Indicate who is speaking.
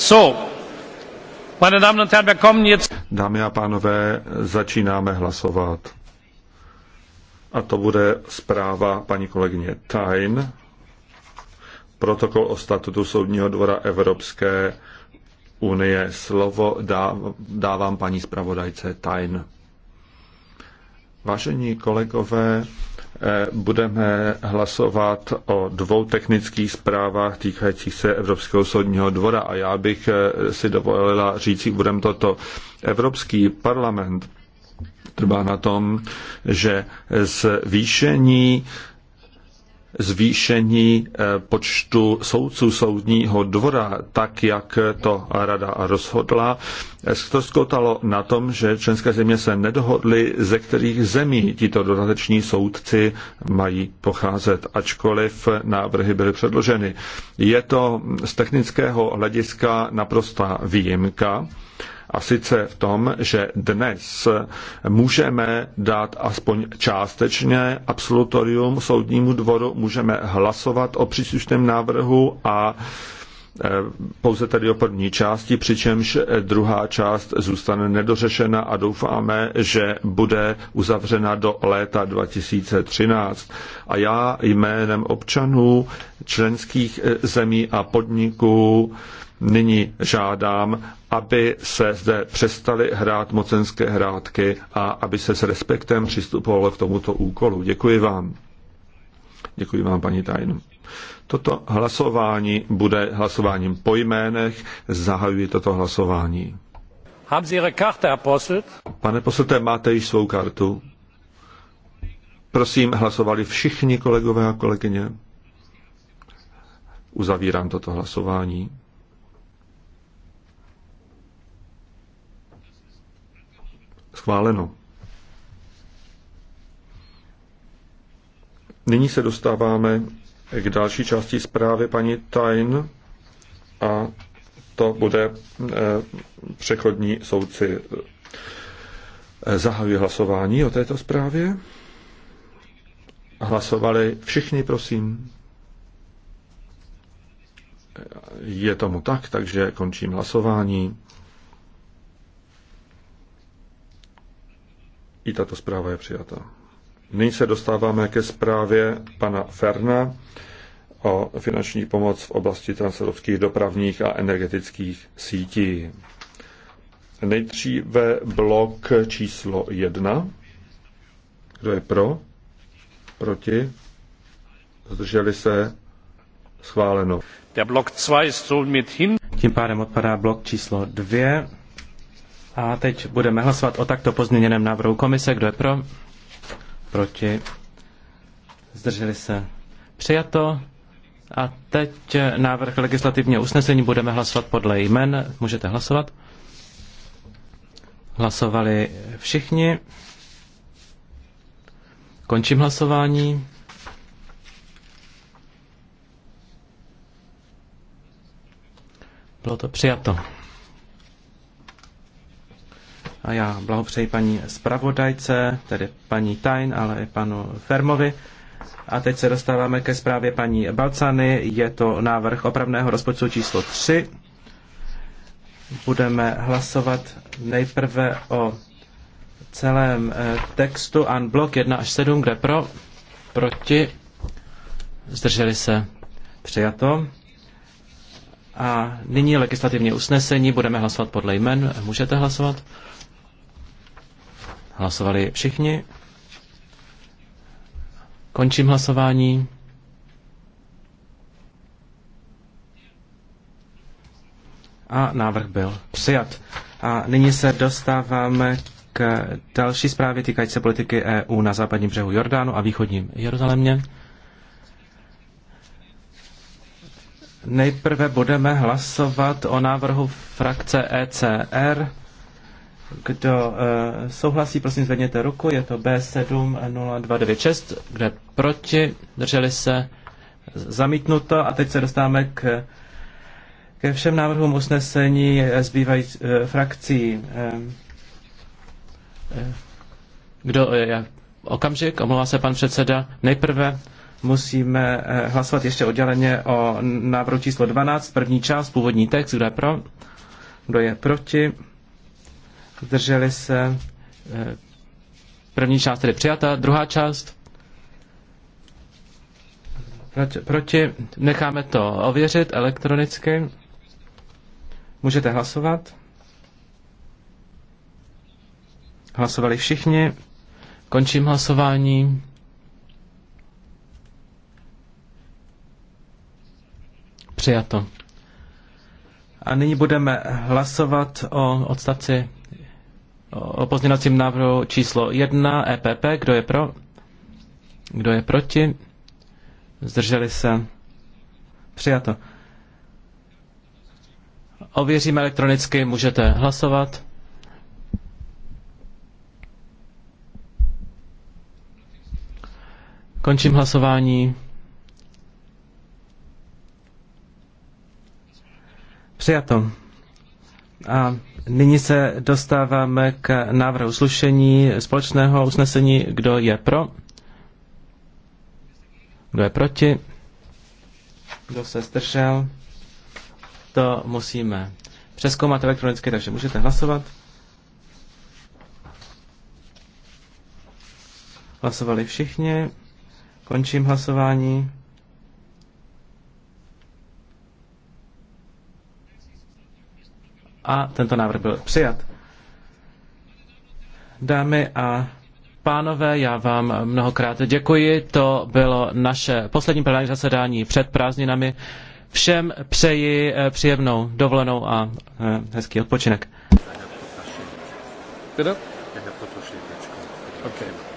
Speaker 1: So, meine Damen und Herren, wir kommen jetzt... Dámy a pánové, začínáme hlasovat. A to bude zpráva paní kolegyně Tain, protokol o statutu Soudního dvora Evropské unie. Slovo dávám paní zpravodajce Tain. Vážení kolegové, eh, budeme hlasovat o dvou technických zprávách týkajících se Evropského soudního dvora a já bych eh, si dovolila říci budem toto. Evropský parlament trvá na tom, že zvýšení zvýšení eh, počtu soudců soudního dvora, tak jak to rada rozhodla, eh, skotalo na tom, že členské země se nedohodly, ze kterých zemí tito dodateční soudci mají pocházet, ačkoliv návrhy byly předloženy. Je to z technického hlediska naprostá výjimka, a sice v tom, že dnes můžeme dát aspoň částečně absolutorium soudnímu dvoru, můžeme hlasovat o příslušném návrhu a e, pouze tady o první části, přičemž druhá část zůstane nedořešena a doufáme, že bude uzavřena do léta 2013. A já jménem občanů, členských e, zemí a podniků nyní žádám, aby se zde přestali hrát mocenské hrátky a aby se s respektem přistupovalo k tomuto úkolu. Děkuji vám. Děkuji vám, paní Tajnu. Toto hlasování bude hlasováním po jménech. Zahajuji toto hlasování. Haben Sie Ihre Karte, Herr Posselt? Pane Posselte, máte již svou kartu? Prosím, hlasovali všichni kolegové a kolegyně. Uzavírám toto hlasování. Schváleno. Nyní se dostáváme k další části zprávy paní Tain a to bude eh, přechodní soudci. Eh, Zahajuji hlasování o této zprávě. Hlasovali všichni, prosím. Je tomu tak, takže končím hlasování. I tato zpráva je přijata. Nyní se dostáváme ke zprávě pana Ferna o finanční pomoc v oblasti transevropských dopravních a energetických sítí. Nejdříve blok číslo jedna. Kdo je pro? Proti? Zdrželi se? Schváleno. Der Block 2 ist somit hin. Tím
Speaker 2: pádem odpadá blok číslo 2 a teď budeme hlasovat o takto pozměněném návrhu komise. Kdo je pro? Proti? Zdrželi se? Přijato. A teď návrh legislativního usnesení budeme hlasovat podle jmen. Můžete hlasovat. Hlasovali všichni. Končím hlasování. Bylo to přijato. A já blahopřeji paní zpravodajce, tedy paní Tajn, ale i panu Fermovi. A teď se dostáváme ke zprávě paní Balcany. Je to návrh opravného rozpočtu číslo 3. Budeme hlasovat nejprve o celém eh, textu unblock 1 až 7, kde pro, proti, zdrželi se přijato. A nyní legislativní usnesení, budeme hlasovat podle jmen. Můžete hlasovat? Hlasovali všichni. Končím hlasování. A návrh byl přijat. A nyní se dostáváme k další zprávě týkající se politiky EU na západním břehu Jordánu a východním Jeruzalémě. Nejprve budeme hlasovat o návrhu frakce ECR kdo uh, souhlasí, prosím zvedněte ruku. Je to B70296. Kde proti? Drželi se? Zamítnuto. A teď se dostáváme k, ke všem návrhům usnesení zbývají uh, eh, frakcí. Uh, kdo je? Okamžik, omlouvá se pan předseda. Nejprve musíme hlasovat ještě odděleně o návrhu číslo 12, první část, původní text. Kdo je pro? Kdo je proti? zdrželi se, eh, první část tedy přijata, druhá část proti, necháme to ověřit elektronicky. Můžete hlasovat. Hlasovali všichni. Končím hlasování. Přijato. A nyní budeme hlasovat o odstavci o pozměnacím návrhu číslo 1 EPP. Kdo je pro? Kdo je proti? Zdrželi se? Přijato. Ověříme elektronicky, můžete hlasovat. Končím hlasování. Přijato. A nyní se dostáváme k návrhu slušení společného usnesení. Kdo je pro? Kdo je proti? Kdo se zdržel? To musíme přeskoumat elektronicky, takže můžete hlasovat. Hlasovali všichni. Končím hlasování. a tento návrh byl přijat. Dámy a pánové, já vám mnohokrát děkuji. To bylo naše poslední plenární zasedání před prázdninami. Všem přeji eh, příjemnou dovolenou a eh, hezký odpočinek.
Speaker 1: Okay.